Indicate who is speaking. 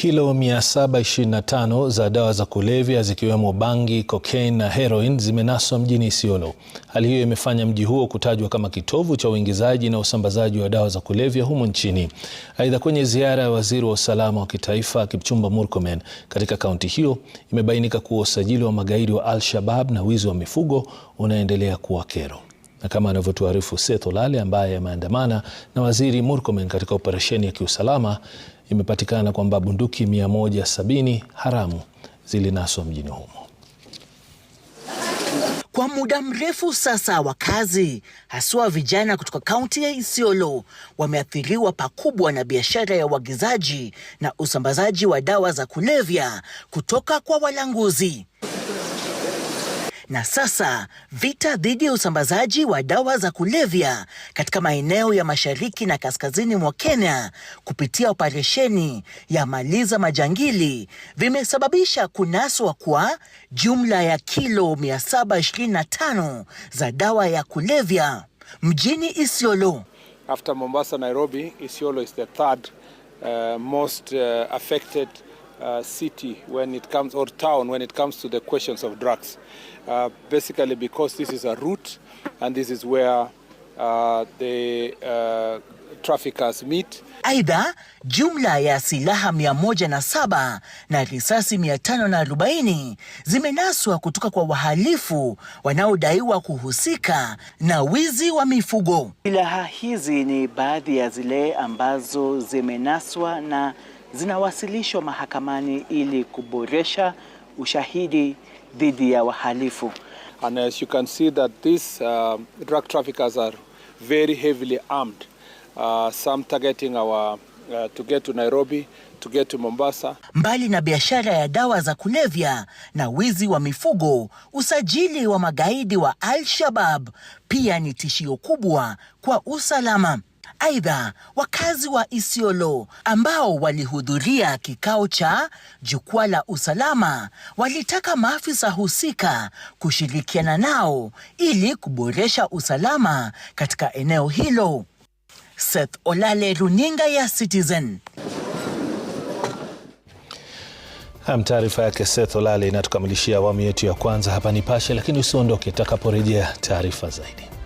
Speaker 1: Kilo 725 za dawa za kulevya zikiwemo bangi, cocaine na heroin zimenaswa mjini Isiolo. Hali hiyo imefanya mji huo kutajwa kama kitovu cha uingizaji na usambazaji wa dawa za kulevya humo nchini. Aidha, kwenye ziara ya waziri wa usalama wa kitaifa Kipchumba Murkomen katika kaunti hiyo, imebainika kuwa usajili wa magaidi wa al shabab na wizi wa mifugo unaendelea kuwa kero na kama anavyotuarifu Seth Olale ambaye ameandamana na waziri Murkomen katika operesheni ya kiusalama, imepatikana kwamba bunduki 170 haramu zilinaswa mjini humo.
Speaker 2: Kwa muda mrefu sasa, wakazi haswa vijana kutoka kaunti ya Isiolo wameathiriwa pakubwa na biashara ya uagizaji na usambazaji wa dawa za kulevya kutoka kwa walanguzi na sasa vita dhidi ya usambazaji wa dawa za kulevya katika maeneo ya mashariki na kaskazini mwa Kenya kupitia operesheni ya Maliza Majangili vimesababisha kunaswa kwa jumla ya kilo 725 za dawa ya kulevya mjini Isiolo.
Speaker 3: After Mombasa, Nairobi, Isiolo is the third, uh, most, uh, affected uh, city when it comes or town when it comes to the questions of drugs uh, basically because this is a route and this is where uh, the uh, traffickers meet.
Speaker 2: Aidha, jumla ya silaha 107 na risasi 540 zimenaswa kutoka kwa wahalifu wanaodaiwa kuhusika na wizi wa mifugo.
Speaker 4: Silaha hizi ni baadhi ya zile ambazo zimenaswa na zinawasilishwa mahakamani ili kuboresha ushahidi dhidi ya wahalifu.
Speaker 3: And as you can see that these uh, drug traffickers are very heavily armed. Uh, some targeting our uh, to get to Nairobi, to get to Mombasa.
Speaker 2: Mbali na biashara ya dawa za kulevya na wizi wa mifugo, usajili wa magaidi wa al shabab pia ni tishio kubwa kwa usalama. Aidha, wakazi wa Isiolo ambao walihudhuria kikao cha jukwaa la usalama walitaka maafisa husika kushirikiana nao ili kuboresha usalama katika eneo hilo. Seth Olale, runinga ya Citizen.
Speaker 1: nam Taarifa yake Seth Olale inatukamilishia awamu yetu ya kwanza hapa Nipashe, lakini usiondoke, takaporejea taarifa zaidi.